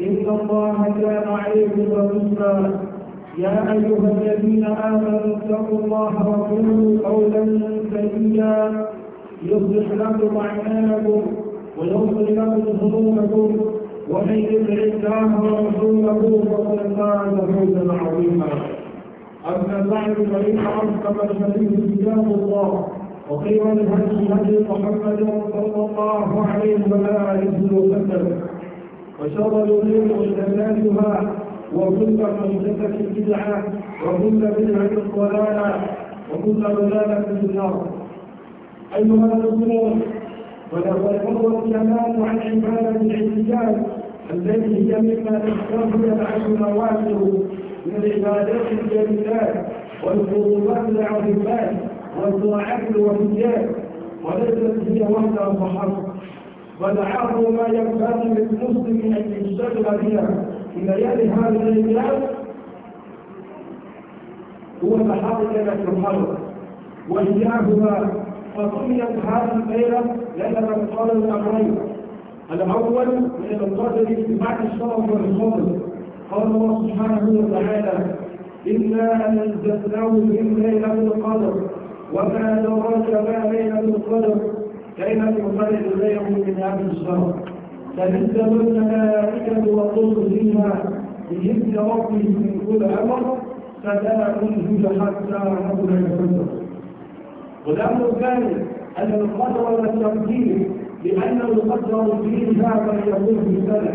إن الله كان عليكم رقيبا يا أيها الذين آمنوا اتقوا الله وقولوا قولا سديدا يصلح لكم أعمالكم ويغفر لكم ذنوبكم ومن يطع الله ورسوله فقد فاز فوزا عظيما أما بعد فإن أصدق الحديث كتاب الله وخير الهدي هدي محمد صلى الله عليه وآله وسلم وشر الأمور محدثاتها وكل محدثة بدعة وكل بدعة ضلالة وكل ضلالة في النار أيها المسلمون ولقد فضل الكلام عن عبادة الاحتجاج التي هي مما تشتهر العبد نواته من العبادات الجليلات والخطوبات العظيمات والطاعات الوفيات وليست هي وحدها فحسب ودعاه ما ينبغي للمسلم أن يشتغل بها في ليالي هذه الأيام هو محارم الحرب وإياهما فسميت هذه الليلة لأن من قال الأمرين الأول من القدر بعد الشرف والفضل قال الله سبحانه وتعالى إنا أنزلناه من ليلة القدر وما دراك ما ليلة القدر كيف يفرق غيره من هذا الشر تنزل الملائكة والرسل فيها بجد ربهم من كل أمر فلا تنهج حتى ربنا يفرق والأمر الثاني أن القدر والتقدير لأن القدر فيه هذا يقول السنه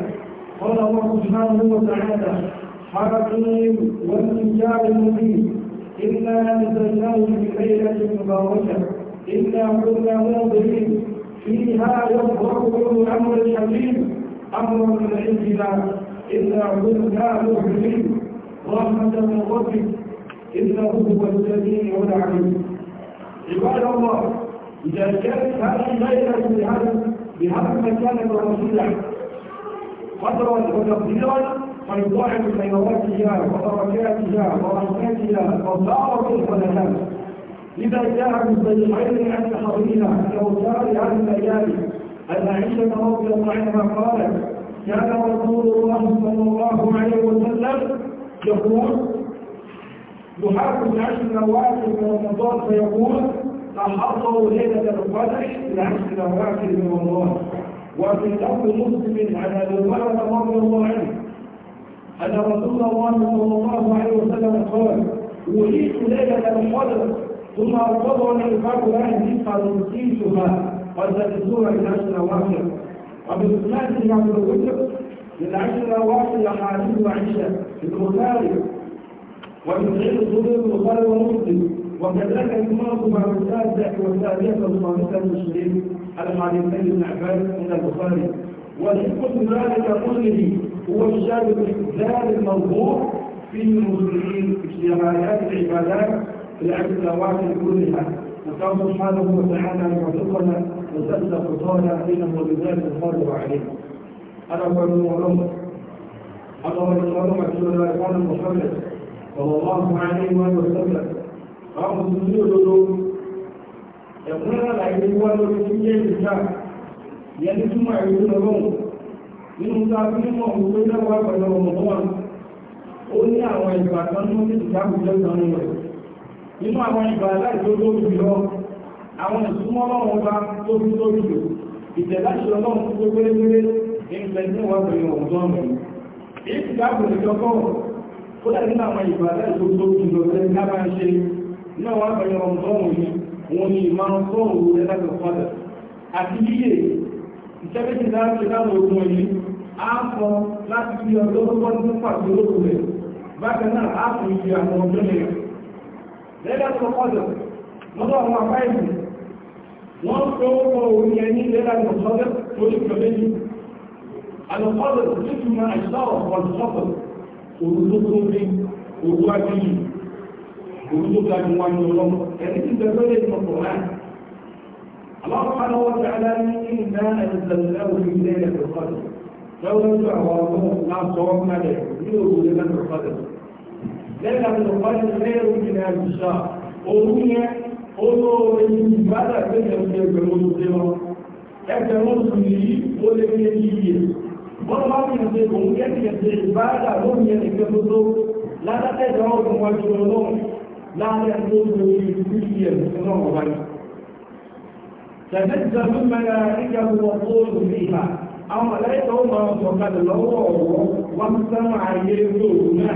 قال الله سبحانه وتعالى حكيم والكتاب المبين إنا نزلناه في ليلة مباركة إنا كنا منظرين فيها يظهر كل أمر حكيم أمر من عندنا إنا كنا مؤمنين رحمة من ربك إنه هو السميع العليم عباد الله إذا كانت هذه الليلة بهذا بهذا المكان الرسول قدرا وتقديرا فيضاعف حيواتها وبركاتها ورحمتها وصارت الخلفات إذا جاء من عند عن أنه جاء لهذه الليالي أن عائشة رضي الله عنها قالت كان رسول الله صلى الله عليه وسلم يقول يحاكم عشر نوافل من رمضان فيقول أحطوا ليلة القدر لعشر نوافل من رمضان وفي لفظ مسلم عن أبي هريرة رضي الله عنه أن رسول الله صلى الله عليه وسلم قال أوحيت ليلة القدر ثم أرفضوا أن يفاق لها النسخة تنسيسها وتنسوها إلى عشر الأواخر وبالثلاث من الوتر أواخر إلى حديث عائشة البخاري ومن غير صدور البخاري ومسلم وكذلك المرض مع السادة والسادسة والخامسة المسلمين الحديثين بن عباد من البخاري والحكم ذلك كله هو الشاب ذلك الموضوع في المسلمين اجتماعيات العبادات لأجل الأوامر كلها نسأل سبحانه وتعالى أن يرزقنا وسد خطانا بينه وبذات الخالق عليه أنا أقول المعلومة أنا أقول المعلومة كل الإخوان المحمد صلى الله عليه وسلم أمر سبيل الوجود ẹ̀kúnrẹ́rẹ́ àìrí wá lórí tí jẹ́ ìjá yẹni túnmọ̀ ìlú lọ́wọ́n nínú tàbí mímọ̀ òun tó dáwà pẹ̀lú ọmọ wọn ó ní inú àwọn ìgbà aláìlógó jùlọ àwọn ìsúnmọ́ ọlọ́run bá tó fi tó jù ìtẹ̀láṣẹ ọlọ́run tó gbérégbéré ìpẹ́ ní wà pẹ̀lú ọ̀dọ́ mi èyí ti dáàbò ìjọkọ́ ó dà nínú àwọn ìgbà aláìlógó jùlọ tẹ́lẹ̀ ká máa ṣe náà wà pẹ̀lú ọ̀dọ́ mi òun ni ìmọ̀ràn fóònù rẹ̀ lábẹ́ fọ́dà àti yíyè fọ láti fi ọjọ́ tó bọ́ ní pàtó lókùnrin bákan náà á fi ìyàwó ọjọ́ yẹn lẹ́lẹ́kùn kọ́dọ̀ lọ́dọ̀ àwọn afáìsì wọ́n tó kọ́ orí ẹni lẹ́lẹ́kùn kọ́dọ̀ torí kọ́lẹ́jì alùpọ́dọ̀ tó ti máa ìṣọ́rọ̀ pọ̀lùsọ́pọ̀ òru tó tó rí òru agbẹ́yì òru tó ga jù wọn lọ ẹni tí bẹ̀rẹ̀ lè sọ pọ̀ wọ́n ti ní ìdá ẹ̀sẹ̀lẹ̀ lẹ́gbà tó lọ pàdé lẹ́yìn òkèlè àìsà òun yẹ olóore ní ìbádà pé ẹgbẹ̀rún ẹgbẹ̀rún tó lọ ẹgbẹ̀rún tó lè yí ó lé ní ẹni yìí wọ́n bá fi ṣe òun kẹ́kẹ̀ẹ́ ìbádà lóun yẹ nìkan tó tó látàtẹ̀dọ̀ ọdún wájú ọlọ́run láàrin tó lè yí ìrírí ẹ̀ ọlọ́run wájú tẹ̀sẹ̀tẹ̀ tó mẹ́ra ẹgbẹ̀rún tó lè yí àwọn ọ̀lẹ́yìn tó máa sọ̀kalẹ̀ lọ́wọ́ ọ̀wọ́ wọn sánmà ayé lóòrùn náà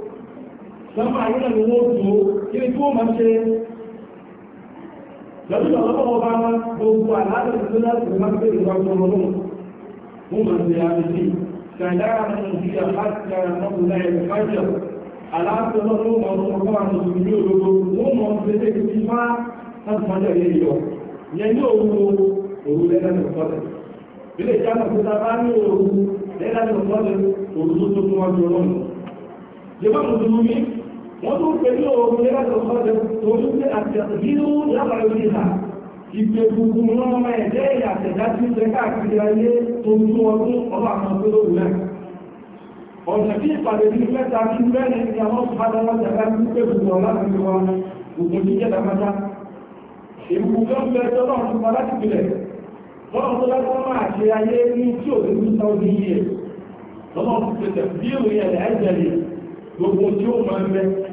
lọ́pọ̀ àwọn ẹ̀rọ owó tó kiri tí ó máa ṣe lọ́dún ọ̀lọ́pọ̀ ọba wọn gbogbo àlàáfẹ́ tó láti máa gbé ìwà tó lọ́rùn mú máa ṣe àbẹ̀sí ṣàdára mú sí àbáṣà mọ́kùnlá ẹ̀rọ fájọ aláàfẹ́ lọ́dún ọmọ ọmọ àwọn ìlú òdodo mú mọ́ ṣe lé ti má láti máa jẹ́ ìyọ yẹn ní òru òru lẹ́lẹ́nu sọ́dẹ̀ ilé ìjánu tó ta bá ní òru lẹ́lẹ́nu sọ́dẹ̀ òru tó tó tó wájú ọlọ́run wọ́n tó pẹ̀lú ọ̀rọ̀ lẹ́gbẹ̀ẹ́ ọ̀sọ́dẹ̀ torí pé àtẹ̀sílú lábàá orí ha ìpè gbogbo wọn máa ẹ̀jẹ̀ ìyàtẹ̀dá tí ó tẹ́ká àkiri ayé tó ń tún ọdún ọba àwọn tó lórí rẹ̀ ọ̀nà tí ìpàdé ní mẹ́ta ní mẹ́rin ní àwọn ìpàdé wọn jẹ́ká ní pé gbogbo ọ̀la ti wá gbogbo ní jẹ́ dákátá èbùkù kan bẹ tọ́lọ́ ọ̀tún pa láti pilẹ̀ lọ́nà tó lọ́kọ́ máa ṣe ayé ní tí ò ní sọ ní iye lọ́nà tó pèsè bí ìròyìn ẹ̀dẹ̀ ẹ̀jẹ̀ gbogbo tí ó máa ń bẹ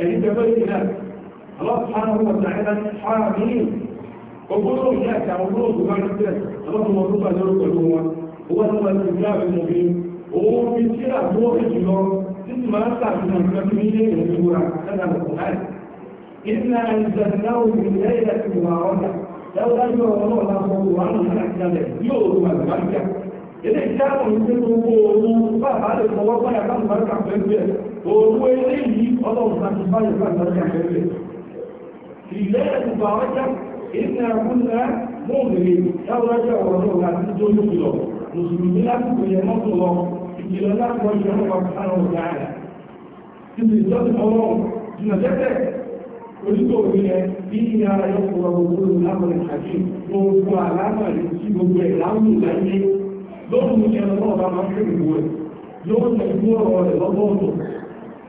فإن بيت الله الله سبحانه وتعالى حامين وقولوا إياك وقولوا سبحانه وتعالى اللهم وقوف أجرك الأمة هو هو الإسلام المبين ومن كلا هو الجنون ثم أسعى من المكملين الجمعة هذا القرآن إنا أنزلناه في ليلة مباركة لو أن الله له عنه الأحكام يوم المركة إذا كانوا يسلموا وقوفوا فهذا الموضوع يكون مركة في البيت owó ilé yìí ọlọ́run láti báyìí láti àkẹ́rẹ́ ilẹ̀ ẹ̀kùnbà ọjọ́ ìsìn àkúnnà mọ́ọ̀lẹ̀ láwọ́jọ́ ọ̀rọ̀ láti tó lókù lọ mùsùlùmí láti kò yẹ mọ́tò lọ ìjìnlẹ̀ láti wọ́n yẹ ìrìnlẹ̀ bí i ara yọkùnrin gbogbo lábọ̀lẹ̀ àjí gbogbo àlámà rẹ̀ sí gbogbo ẹ̀ láwùjọ láyé lóòrùn ìjẹun náà máa ń fẹ́ ìwò ẹ̀ yóò tẹ̀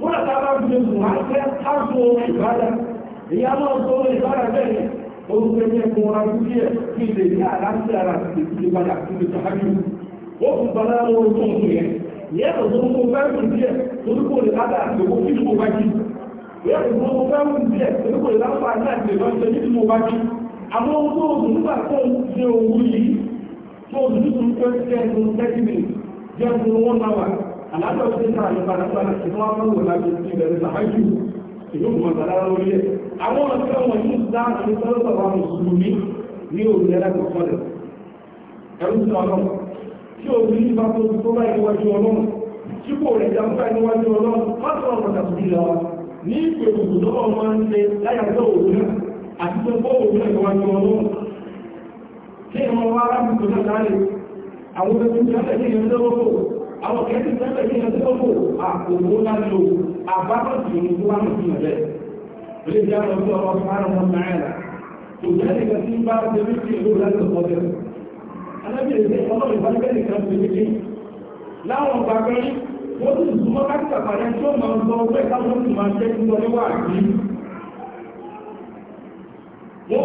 múlá tábà gbé wọ́n jẹ́ àgbò ìbára ìyá náà tó ìbára bẹ́ẹ̀ orúkọ ẹgbẹ́ kan wọn ajú díẹ̀ kí ilé ní àlàáfíà ara ti ti padà sí ibi sàájú ó fi padà wọn tó ń yẹ ìyẹ́ tó tó ń kó fẹ́ràn díẹ̀ orúkọ lè padà àgbègbè kí ni mo bá jí ìyẹ́ tó tó ń kó fẹ́ràn díẹ̀ orúkọ lè lápá àti àgbègbè ọjọ́ kí ni mo bá jí àmọ́ ohun tó ń pẹ́ alájọ́ tí ń tààrí padàpadà tí wọ́n mọ́ wò láti ti bẹ̀rẹ̀ sàájú ìlú mọ̀tàlá lórí ẹ̀ àwọn ọ̀sẹ̀ wọn yìí dá àti sọ́lọ́sọ̀ wa mùsùlùmí ní òun ẹ̀rẹ́ kọ̀ọ̀kan rẹ̀ ẹ̀rú sí ọlọ́run tí o ní ìbá tó ti tó báyìí níwájú ọlọ́run tí kò rẹ̀ já báyìí níwájú ọlọ́run má sọ ọ̀rọ̀ tàbí lọ ní ìpè òkú tó bọ̀ máa ń ṣe láyàtọ̀ òun náà àti tó bọ́ òun náà níwájú ọlọ́run kí ìmọ̀ wa arábìnrin tó náà dáre àwọn àwọn kẹ́kẹ́ tẹ́lẹ̀ ní ẹgbẹ́ tó kò wọ́n súnmọ́ tí ó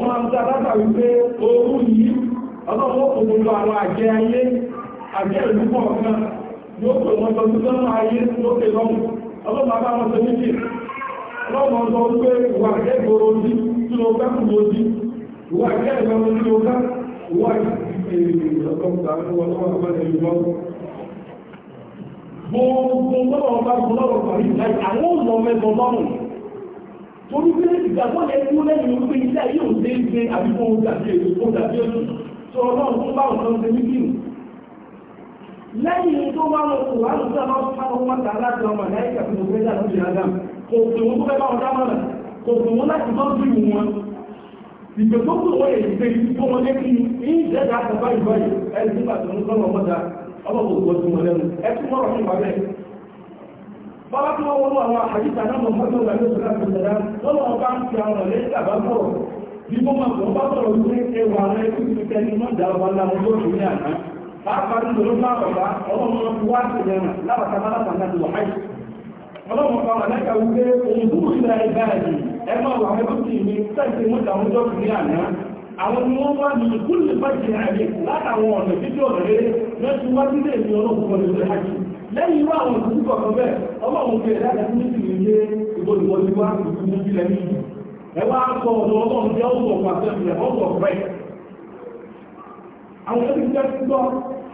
máa ń káwọn máa yóò pè wọ́n jọ sí sọ́nà ayé lókè lọ́wọ́ ọlọ́pàá bá wọn sọ méjì ọlọ́pàá sọ pé ìwà ẹgbòrò ojú tí ó bá kùn lójú ìwà ẹgbẹ̀rún tí ó bá ìwà ìgbẹ̀rún torí pé ìgbàgbọ́ ẹkú lẹ́yìn wípé iṣẹ́ yóò dé gbé àbíkó dàbí èdè tó dàbí èdè tó ọlọ́run tó bá ọ̀sán ṣe ní kí lẹ́yìn tó bá lọ kò wá lọ sí ọmọ mọ́ta láti ọmọ láìka fún òfin ìjà lọ́jọ́ ìyá dáa kò pè na tó fẹ́ bá wọn kò pè láti bọ́ sí ìwọ̀n wọn tó wọ́n wọn ní pàápàá nínú ló bá bàbá ọlọ́run ló fi wá sí lẹ́nà lábàtà bá lábàtà ọlọ́run pa màlẹ́kà wípé ohun tó kúrò ẹgbẹ́ sẹ́ẹ̀sì jọ àná àwọn ni wọ́n wá ní àyè látàwọn ọ̀nà títí ọ̀nà wá ìlú ọlọ́run lẹ́yìn àwọn òkú kọ̀ọ̀kan bẹ́ẹ̀ ọlọ́run fi ẹ̀dá ẹ̀dá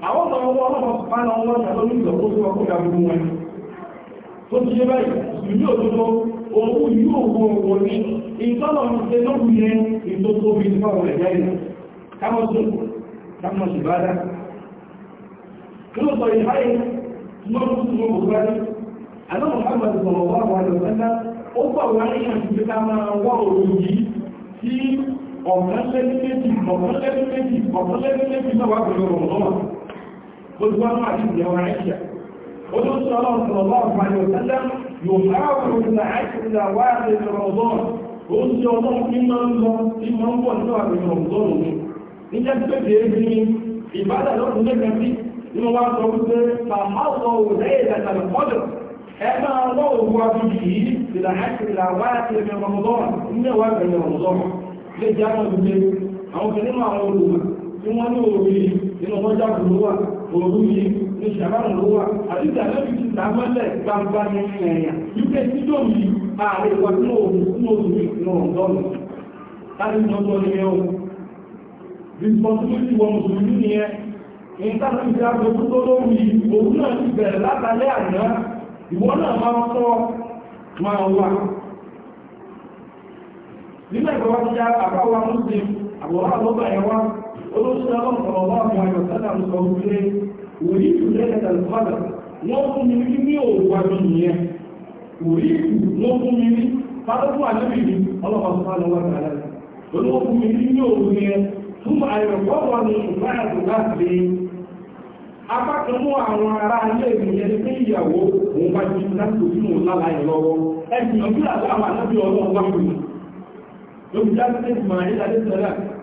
àwọn ọmọ ọmọ ọlọ́pàá ti pàánà ọwọ́ ìjọba ní ìjọba tó wọ́n kó ga gbogbo wọn tó ti yé báyìí ìlú òdodo òun ìlú òwò òwò ní ìtọ́nà ìṣe lóru yẹn ètò tó fi nípa ọ̀rẹ́ jáde káwọn tó káwọn sì bá dá nínú sọ ìháyé lọ́dún tó mọ̀ bọ̀ wáyé àná Muhammad sọ̀rọ̀ wà wà lọ sẹ́ńdá ó gbà wá ní àtúnṣe ká máa wá òòrùn yìí sí ọ̀kan lẹ́nu méjì ọ̀kan lẹ́nu méjì ọ̀kan lẹ́nu méjì náà wà pẹ̀lú ọ̀rọ̀ náà gbogbo àwọn àdìsí ìyàwó àìṣà ó tó sọ ọlọ́run sọ̀rọ̀ lọ́wọ́ pàdé òtẹ́lẹ̀ yóò háàrùn ìlà àìṣà wà ní rọ̀mọ̀dọ́n ó ń sọ ọlọ́run ní máa ń lọ sí máa ń bọ̀ nínú àmì rọ̀mọ̀dọ́n ní níjẹ́ pé bèé bí ìbádà lọ́dún lẹ́gbẹ̀ẹ́ bí ni mo wá sọ wípé màmá sọ òwúrẹ́ ìdàgbà lọ́dọ̀ ẹ máa lọ òwú abúlé yìí ìlà àìṣà ìlà wà ní rọ̀mọ̀dọ́n ní ẹ̀wà ìgbẹ̀yìn rọ̀mọ̀dọ́n lè jẹ́ àwọn ìgbẹ̀yìn àwọn ìgbẹ̀yìn àwọn olùmọ̀ tí wọ́n ní òwúrẹ́ nínú ọjọ́ àbúrò wà òru yìí ní ṣàbánu ló wà àdúgbà lẹ́bi ti ta gbangba ní ẹ̀yà yíkẹ́ tí tó mi ààrẹ wa ní ọ̀dọ́nù láti ní ẹ̀ o responsibility wọn mùsùlùmí ni ẹ ìjà gbogbo tó yìí òun náà ti bẹ̀rẹ̀ látàlẹ́ àná ìwọ náà máa sọ máa wà nígbà ìgbà ti já olóṣèlú ọlọ́pọ̀lọpọ̀ àwọn ayọ̀ sẹ́lá ń sọ wípé wòlí ìtùlẹ̀ ẹ̀tẹ̀lẹ̀fọ́dà wọ́n fún mi ní ní òògùn àmì ìyẹn wòlí ìtù wọ́n fún mi ní fárúkú àlébì ní ọlọ́pàá lọ́wọ́ tààrà olóò fún àwọn ará ilé ìgbìyàn ní pé ìyàwó òun bá láti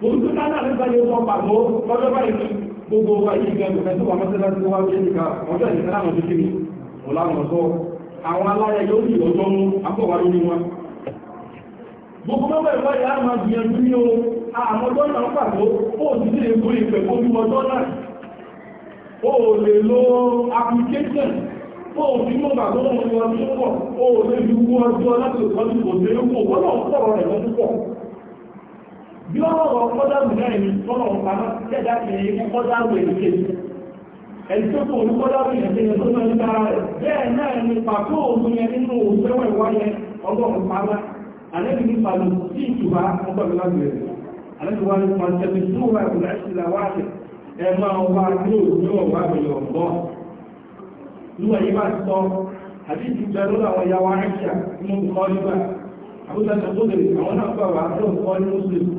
gbogbo náà lè bá ọjọ́ náà ó lè lo application ó fi mọ́ bàtó wọn ni wọn tó pọ̀ ó lè lu ọjọ́ láti ọjọ́ ìpòsílẹ̀ ó pọ̀ bí ọlọ́rọ̀ kọ́dáàrù mẹ́rin tọ́lọ̀ pàmọ́ tẹ́jà kìí fún kọ́dáàrù èdèké ẹni tó kò ní kọ́dáàrù ìyẹ̀dẹ́ yẹn tó mẹ́ ń rẹ̀ bẹ́ẹ̀ náà pàtó òun yẹn nínú àwọn ní mùsùlùmí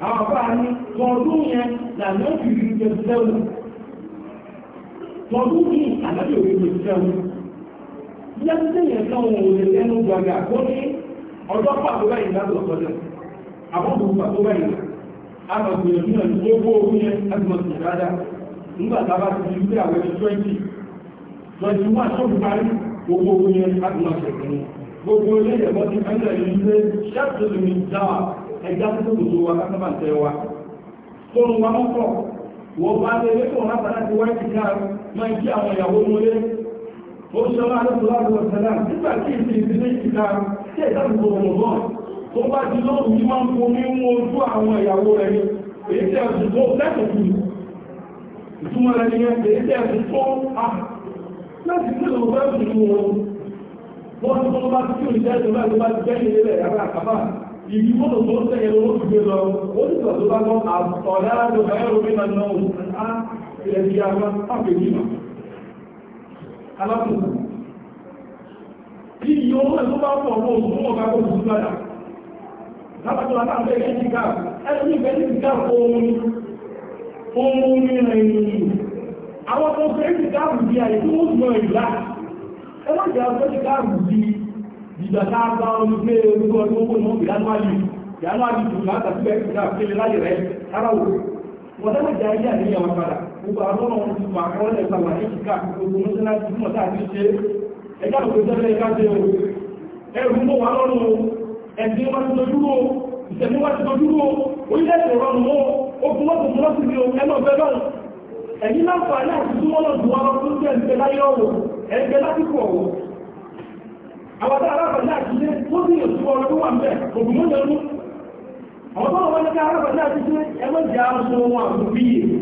àwọn bá ní tọdún yẹn lànà ìrìn jẹ sẹ́wù tọdún ní àlàyé òfin jẹ sẹ́wù lẹ́sẹ̀ yẹn náà wọn ò lè lẹ́nu gbàgbà ní ọjọ́ pàtó báyìí lábọ̀ sọ́dọ̀ àbọ̀bù pàtó báyìí àbàgbìyànjú gbogbo ti ẹja tó tòtò wa kásábà tẹ wa tóun wa mọ́kọ̀ wọ́n bá lé lẹ́kọ̀ọ́ látara ti wáyé kíkà máa jí àwọn ìyàwó mọ́lé ó ń sọ́lá alẹ́sọ̀láàbù ọ̀sẹ̀lá nígbà tí ìsì ìdílé kíkà tí ẹ̀dá gbogbo ọmọ náà tó bá ti lóòrùn yí máa ń fomi mú ojú àwọn ìyàwó rẹ̀ ni èyí tẹ́ ẹ̀sùn tó lẹ́kọ̀ọ́ ìtumọ̀ rẹ̀ ni èyí tẹ́ ẹ̀sùn tó a láti tí lọ bá ẹ̀sùn tó wọn wọ́n tó bá ti kí òṣìṣẹ́ ìjọba ìjọba ti jẹ́ ìdí mọ́tò tó tẹ́yẹ lówó ti gbé lọ ó ti sọ tó bá lọ àtọ̀dá ló bá yẹ́rọ mẹ́ta náà a ilẹ̀ bí a bá pàpè níma alákùnkùn kí ni owó ẹ̀ tó bá pọ̀ mọ́ òṣùn mọ́ bá kó òṣùn padà lápàtó aláàbẹ̀ ẹ̀ ti ká ẹni ìgbẹ́ ti ká ohun ohun ní ẹ̀yìn àwọn tó fẹ́ ti ká àrùn bí i àyè tó mọ́ ìlà ìgbà náà bá olùgbé orúkọ tó kó náà ìyánú àjù ìyánú àjù tó náà tàbílẹ̀ ìgbà kéle láyé rẹ̀ ara wò wọ́n tẹ́lẹ̀ jẹ́ ayé àníyàn wọn padà gbogbo àwọn ọmọ ti wà kọ́ lẹ̀ àwọn tó alábàjá àjílé tó sì yóò túbọ̀ ọdún wà mẹ́ ògùnmọ́ lẹ́nu àwọn tó wọ́n lẹ́ka alábàjá àjílé ẹgbẹ́ jẹ́ aṣọ wọn àgùn bí yìí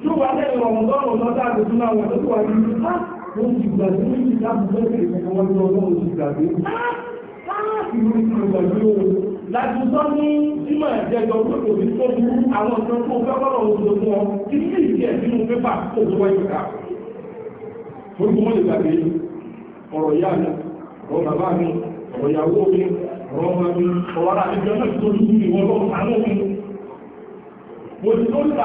tí ó wà lẹ́yìn ọ̀hún lọ́rùn lọ́dá àgbègbè náà wọ́n tó wà ní ìlú wọ́n ti gbàgbé ní ìlú àbúgbé ìṣẹ̀kọ̀ wọn lọ lọ́wọ́ ti gbàgbé ìlú ìgbàgbé o láti sọ ní símọ̀ ẹ̀jẹ̀jọ tó kò ní tó burú àwọn ọ̀sán tó fẹ́ kọ́lọ̀ òun tó fún ọ kí ní ìdí ẹ̀ sínú pépà tó tó wáyé ká. Orúkọ wọn lè gbàgbé ọ̀rọ̀ yá náà. wọ́n bàbá mi ọ̀rọ̀ ìyàwó mi ọ̀rọ̀ ọmọ mi ọ̀rọ̀ ara mi jẹ́ tó lú mi wọ́n lọ́wọ́ sánú mi mo ti tó nípa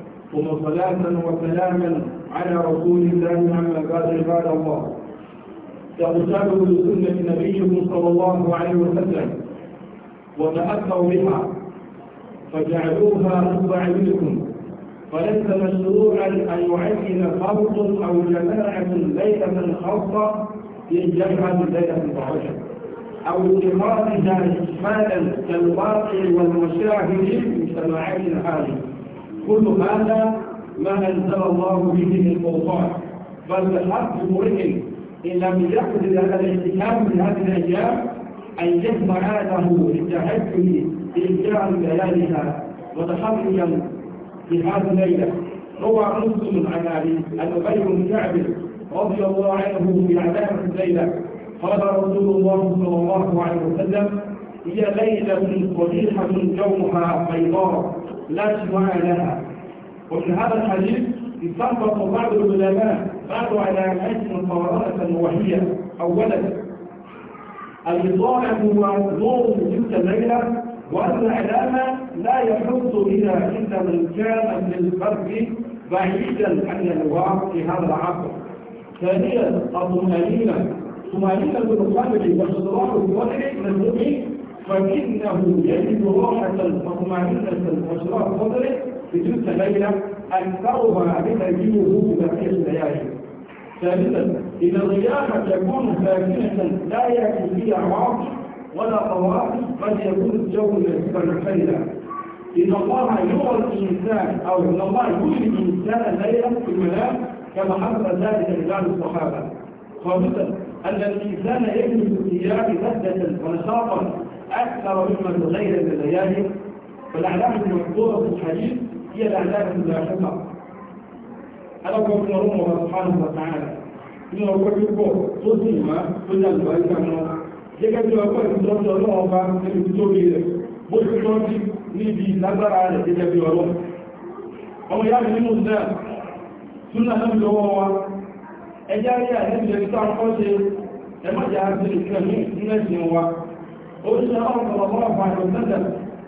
ثم صلاة وسلاما على رسول الله عما بعد عباد الله فأتابع لسنة نبيكم صلى الله عليه وسلم وتأثروا بها فجعلوها أصبع منكم فليس مشروعا أن يعين خلق أو جماعة ليلة خاصة للجمعة ليلة الضحية أو اتخاذها إجمالا كالواقع والمشاهد في مجتمعاتنا هذه كل هذا ما أنزل الله به من القرآن بل الحق امرئ إن لم يقدر على الاحتكام من هذه الأيام أن يجمع له لتحكم إرجاع بيانها وتحريا في هذه الليلة روى مسلم عن أبي أبي بن كعب رضي الله عنه في عذاب الليلة قال رسول الله صلى الله عليه وسلم هي ليلة صبيحة جوها بيضاء لا سواء لها وفي هذا الحديث استنبط بعض العلماء بعض علامات مقارنة وهي أولا الاضاءه هو نور تلك الليلة وأن العلامة لا يحط بها إلا من كان للفرد الفرد بعيدا عن الواقع في هذا العصر. ثانيا الطمأنينة طمأنينة القلب واستراحة الوجه للمؤمن فإنه يجد روحة الطمأنينة الأشراف صدره في تلك الليلة أكثرها بتجيبه بقية الليالي. ثالثا إن الرياح تكون ساكنة لا يأتي فيها عواصف ولا طوارئ قد يكون الجو خيرا إن الله يرى الإنسان أو إن الله يرى الإنسان ليلة في المنام كما حصل ذلك رجال الصحابة. خامسا أن الإنسان يجلس في الثياب لذة ونشاطا أكثر مما تغير من الليالي فالأعلام المذكورة في الحديث هي الأعلام المباشرة أنا كنت ابن روم سبحانه وتعالى إنه يقول لكم تسلم كل البيت منه لكن يقول لكم الله في الكتب مشكلة نبي نظر على كتاب روم أو يعني من سنة لم يروى أجاري أهل الإسلام قصير لما جاء في الإسلام من الناس oṣù ọ̀pọ̀lọpọ̀ ọ̀pọ̀ àjọ̀tẹ́tẹ̀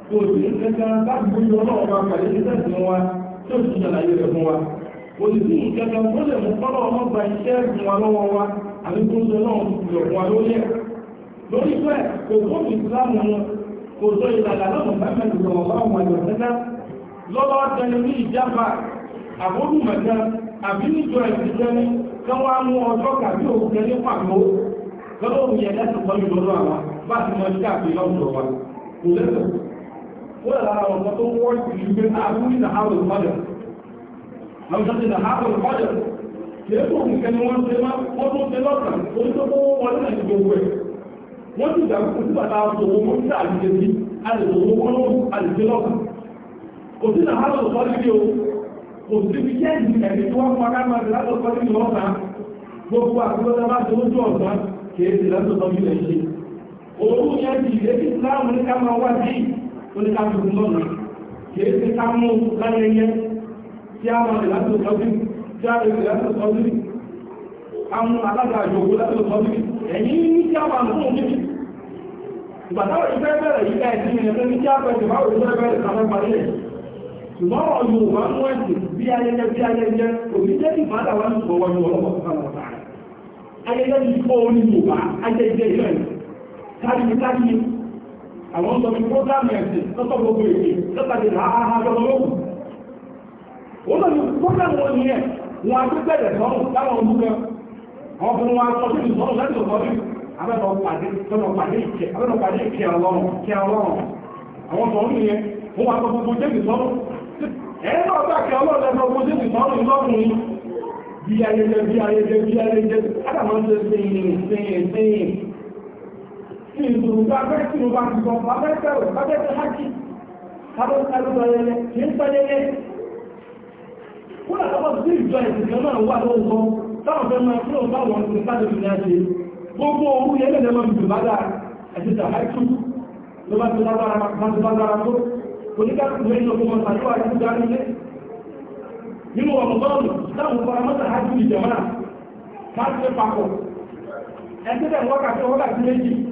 tó sì ń kẹta láti gbójú ọlọ́ọ̀pá pẹ̀lú iṣẹ́ sí wa tó sì ṣàlàyé rẹ̀ fún wa kò sì sí ìkẹta tó lè mú kọ́lọ̀ ọlọ́ọ̀pá iṣẹ́ fún wa lọ́wọ́ wa àti tó ń sọ náà lọ fún wa lórí ẹ̀ lórí pẹ́ kò tó fi ìsìlámù wọn kò sọ ìlànà lọ́nà mẹ́mẹ́lì ọ̀pọ̀lọpọ̀ àjọ̀tẹ́tẹ̀ lọ́wọ́ tẹni ní ìjábà àbórùmọ̀tẹ́ àbí níjọ ìsìnkẹ́ni kí wọ́n á mú ọjọ́ kàbí òkú tẹni pàtó bá ti mọ̀ sí àpè lọ́wọ́ wa kò lẹ́sẹ̀ wọ́n lára ọ̀pọ̀ tó wọ́n ti ṣù pé àbúrí na àwọn ìpọ́dẹ̀ àwùjọ ti na àwọn ìpọ́dẹ̀ kìí tó nìkẹ́ ni wọ́n ṣe máa wọ́n tó ṣe lọ́sàn orí tó kó wọ́n ní àti gbogbo ẹ̀ wọ́n ti dà kú sí bàtà àtòwò mọ́ sí àlùjẹ sí àlùjọ wọn ló àlùjẹ lọ́sàn kò sí na àwọn ìpọ́dẹ̀ kí o kò sí bí jẹ́ ìdí ẹ̀mí tí wọ́n bá tó ń jọ ọ̀sán kìí sì láti ọ̀sán ilẹ̀ òun yẹn ti ìrètí láàmù ní ká máa wá sí oníkàbùkù lọ́nà kìí ti ká mú láyẹyẹ tí a máa láti ọdún tí a lè láti ọdún àwọn alága àjòkó ẹ̀yìn ní a fún ìfẹ́ bẹ̀rẹ̀ ẹ̀sìn ní a ìfẹ́ bẹ̀rẹ̀ ṣùgbọ́n bí ayẹyẹ bí ayẹyẹ òbí jẹ́ ń ayẹyẹ ayẹyẹ káàkiri àwọn sọ fún prógrámù ẹ̀sìn lọ́tọ̀ gbogbo èdè lọ́tàdé láàá lọ́lọ́wọ́ ó lọ́nà prógrámù wọn ni ẹ̀ wọn a tó bẹ̀rẹ̀ sọ́rùn láwọn ọdún kan àwọn fún wọn sọ fún ìsọ́rùn láti ọ̀sọ́rí abẹ́lọ pàdé ìkẹ́ ọlọ́run àwọn sọ̀rọ̀ yẹn wọ́n wá sọ fún gbogbo jẹ́bì sọ́rùn ẹ̀rọ ọ̀gbà kẹ́ ọlọ́run lẹ́nu ọgbọ́n jẹ́bì sọ́rùn lọ́kùnrin bí ayẹyẹ bí ayẹyẹ bí ayẹyẹ kí n tòun bá bẹ́ẹ̀ kí n bá ti sọ bá bẹ́ẹ̀ fẹ́rẹ̀ bá bẹ́ẹ̀ fẹ́ hájì kábọ̀ ẹlùbọ̀ yẹlẹ kì í sọ yẹlẹ kúrò àtọ́kọ̀ sí ìjọ ìsìnkẹ́ náà wà lóòótọ́ táwọn fẹ́ máa fún ọba wọn ní sáde ìrìn àjẹ gbogbo owó yẹlẹ lẹ́mọ̀ ìjọ bá dáa ẹ̀sìn tà háìtù ló bá ti lágbára bá ti lágbára tó oníkàkùn mẹ́rin ọkọ̀ mọ̀ sàdúrà àti dánilé nínú ọmọdọ́ọ̀nù táwọn fara mọ́ta háìtù ìjọba náà máa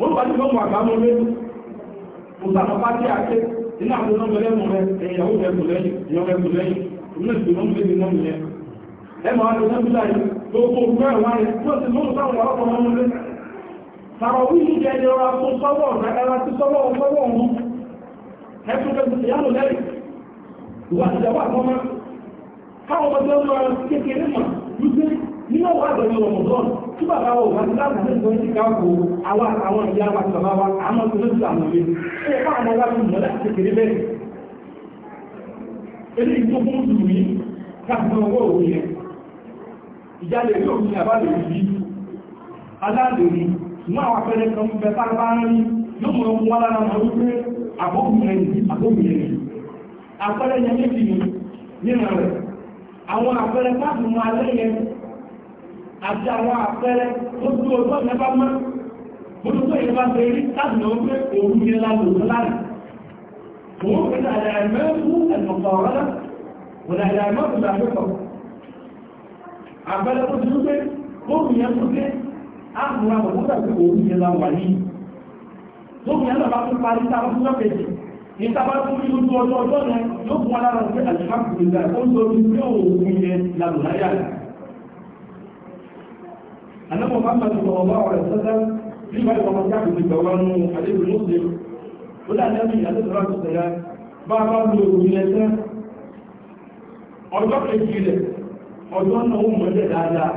wọ́n bá ní lọ́pọ̀ àgbámọ́ lẹ́nu mùsàlọ́pá tí a ké iná àwọn ọmọ sàrọ̀ jẹ́ ẹni ọra sọ́wọ́ ti sọ́wọ́ ọ̀hún káwọn tí bàbá wò wá láti ṣe ìgbọ́n ti káàkó àwọn àwọn ìyá wa ti ebe wa àmọ́ tó ló ti àwọn ilé ó yẹ káwọn ọmọ láti mọ̀ bẹ́ẹ̀. ìjọ fún káàkó òun yẹn. Ìjà lè rí òun mú àwọn afẹ́rẹ́ kan tá a bá ń rí yóò lára wípé àti àwọn àpẹẹrẹ tó tí ó tọ́ ìyẹn bá mọ́ bójú tó ìyẹn bá ṣe rí láti lọ pé òun ní láàrùn tó láàrùn òun fi àlẹ́ àmẹ́kú ẹ̀nọ̀kọ̀ ọ̀rọ̀lá wọ̀n àlẹ́ àmẹ́kú làmẹ́kọ̀ àpẹẹrẹ tó ti wípé bóòrùn yẹn tó dé áàrùn àwọn òun tàbí òun yẹn la wà yìí bóòrùn yẹn ní tábà tún ní ojú ọjọ́ ọjọ́ أن محمد صلى الله عليه وسلم فيما يتمتع بالجوان حديث المسلم ولا النبي عليه الصلاة والسلام بعد أن يقول ọjọ́ kejìlẹ̀ ọjọ́ náà ó mọ̀lẹ̀ dáadáa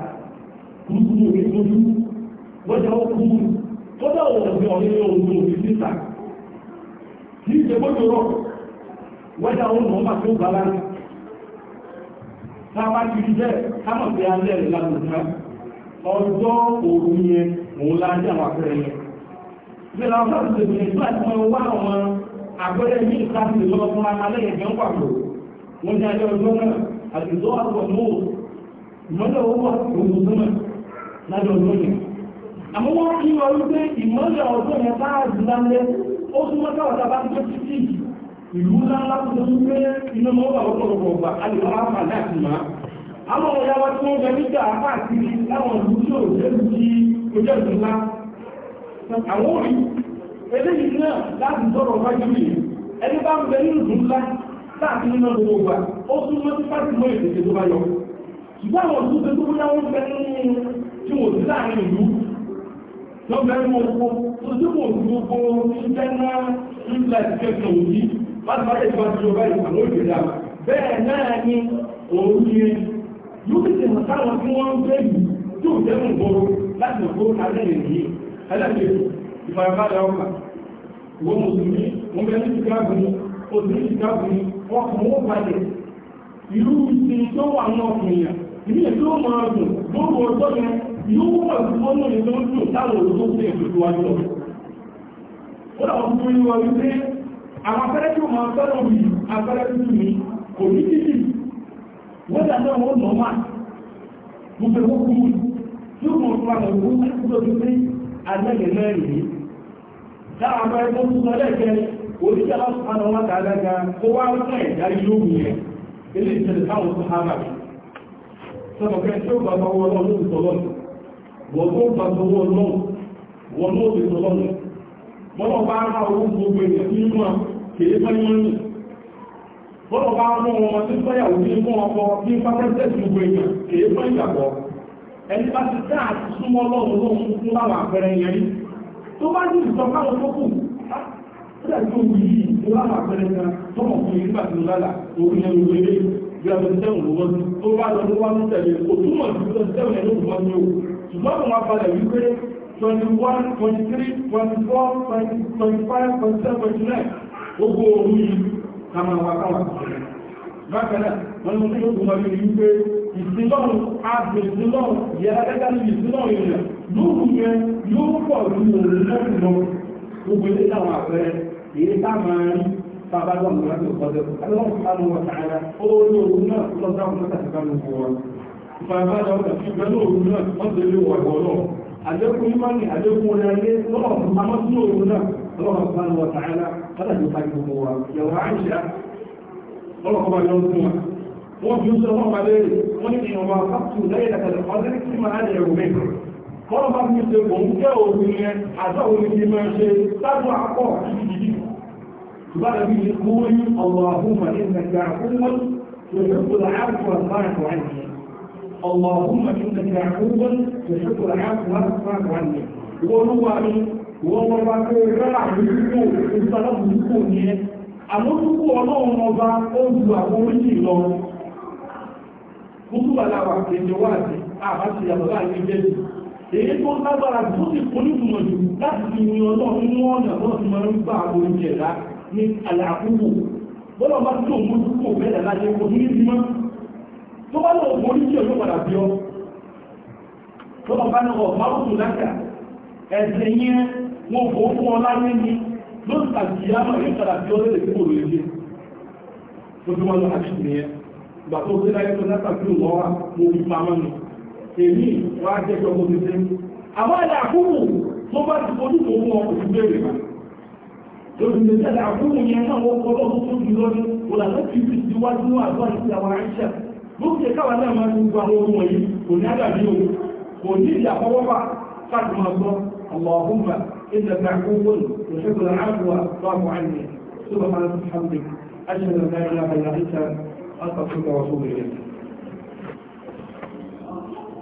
kúrúkú orí lójú wọ́jọ́ ó kúrú tó dáwọ̀ ọ̀gbẹ̀ ọ̀rẹ́ ohun òfin títà kì í ṣe bójú rọ̀ wọ́jọ́ ó nà bá ti rí ọjọ́ òru yẹn òun láti àwọn àpẹẹrẹ yẹn bí i láwọn láti àpẹẹrẹ ní lọ fún pàtó wọ́n ọjọ́ náà àti àpọ̀ mọ́ ìmọ́lẹ̀ owó ọjọ́ yẹn àmọ́ wọ́n wọ́n rí pé ìmọ́lẹ̀ ọjọ́ yẹn lálẹ́ ó bá tó ìlú ńlá iná mọ́ àwọn ọ̀yá tí wọ́n jẹ nígbà káàkiri láwọn ìlú tí ojú ẹ̀sùn ńlá àwọn orí eléyìí náà láti sọ̀rọ̀ wájú rí ẹni bá ń bẹ nínú ìlú ńlá láti nínú gbogbo wa ó tún mọ́ sí pàtí mọ́ ìdèkè tó bá yọ ṣùgbọ́n àwọn ìlú tó tó bóyá wọ́n bẹ nínú tí wọ́n sí láàrin ìlú yóò fi tẹ̀wọ̀n táwọn tí wọ́n ń gbé yìí tó jẹ́ ń gbòòrò láti òkú alẹ́ rẹ̀ yìí ẹlẹ́gbẹ̀ ìfarabalẹ̀ ọkà ní ní wọ́n balẹ̀ ti tó wà ní ọkùnrin gbogbo ọjọ́ yẹn yóò sí tó ń dùn táwọn waɗannan wannan ma mutum hukumi su mọ̀tún àwọn ìwọ̀n nwoke sí alẹ́gẹ̀ mẹ́rin yìí dáa bá ẹgbẹ́ tó sọ oríṣẹ́ ọ̀sán tààdága wá ẹ̀dá yẹn ilé ìṣẹ̀lẹ̀ táwọn tó hábà sọ́kọ̀kẹ́ tí ó tó bọ́lọ̀ bá mú wọn tí fẹ́yàwó ní fún ọkọ̀ ní fáfẹ́sẹ̀sì gbogbo èèyàn kìí fún ìyàpọ̀ ẹni bá ti dá àti súnmọ́ lọ́rùn lóhun fún láwọn àpẹẹrẹ yẹn rí tó bá ní ìsọ káwọn tó kù ó dàbí òun yìí ní láwọn àpẹẹrẹ kan tó mọ̀ fún ìgbà tó lálà orí ẹnu lérè bí ọdún sẹ́wọ̀n ló wọ́n tó bá lọ tó wá ń tẹ̀lé òtúmọ̀ sí o ṣùgbọ́n àwọn abalẹ̀ wípé 21 23 24 25 27 29 gbogbo òun yìí kama wa káwọn ìṣẹ̀lẹ̀ bákanáà wọn mú sí ogun ọdún yìí pé ìsinlọ́run ààbò ìsinlọ́run ìyára gẹ́gẹ́ ní ìsinlọ́run èèyàn lóòrù yẹn yóò pọ̀ ní òun lẹ́rù lọ gbogbo ilé táwọn àpẹẹrẹ èyí táwọn rí sábàgbọ́n ní wájú ọ̀pọ̀lọpọ̀ alọ́run sánú wọn sàárá ó ní òun náà lọ́sàrún mọ́tàkánú fún wọn ìfàgbájọ́ ọ̀tà sí pẹ̀lú òun náà wọ́n tẹ̀lé wọ̀ ẹ̀wọ̀ náà àjẹ́kùn ìmọ̀ ní àjẹ́kùn orin ayé lọ́wọ́ àmọ́ sínú òun náà ọlọ́run sọ́nà wọ̀ tààlà fọ́nà ní ìfàkì gbogbo wa yàwó àìṣà ọlọ́kọ̀ọ́bà yọ fún wa wọ́n fi ń sọ wọ́n wà lẹ́yìn wọ́n ní ìwọ̀n máa fàtù lẹ́yìn àtàlẹ̀ ọdún tí máa lè rò mẹ́rin kọ́nà bá fi ṣe kò ń jẹ́ òun yẹn àtàwọn oníṣẹ́ máa ṣe sáàtọ̀ àpọ̀ ìdìdì ìbára bí i kú ní ọlọ́ àhúmà ìgbàgbà àkúwọ́n يحب العفو والصرف عني اللهم انك عفو تحب العفو والصرف عني ولو wọ́n mọ́ bá pé rẹ́rà lójúkò ìsọ́lọ́pùsùkò ní ẹ àmójúkò ọlọ́run ọba ó ju àwọn oríṣì lọ kúrú aláwà àbáṣe yàtọ̀ láàrin èyí tó lágbára tó sì láti fi ọlọ́run ọ̀nà ti máa ń gbà àwọn ní bá tó mójúkò láyé tó bá lọ ọjọ́ ọ tó bá náà ọ̀pá wọn kò fún ọlá ní ní lóòtù àti ìyámọ̀ yóò padà bí ọlẹ́ lè kúrò lè tó bí wọ́n lọ àti ìyẹn ìgbà tó gbé láyé tó náà tàbí wọ́n wá mo fi pamọ́ ni èmi wá jẹ́ kí ọmọ mi dé àwọn ẹ̀dà àkókò tó bá ti fojú tó fún ọkọ̀ ìgbé rẹ̀ lórí ilé ẹ̀dà àkókò yẹn náà wọ́n kọ́ lọ́wọ́ tó jù lọ́dún òlàlọ́ ti fi ti wájú àdúrà sí àwọn àìṣẹ́ lókè káwà náà máa ń gba àwọn ohun إنك عفو وشكر العفو واعف عني سبحانك وبحمدك أشهد أن لا إله إلا أنت أستغفرك وأتوب إليك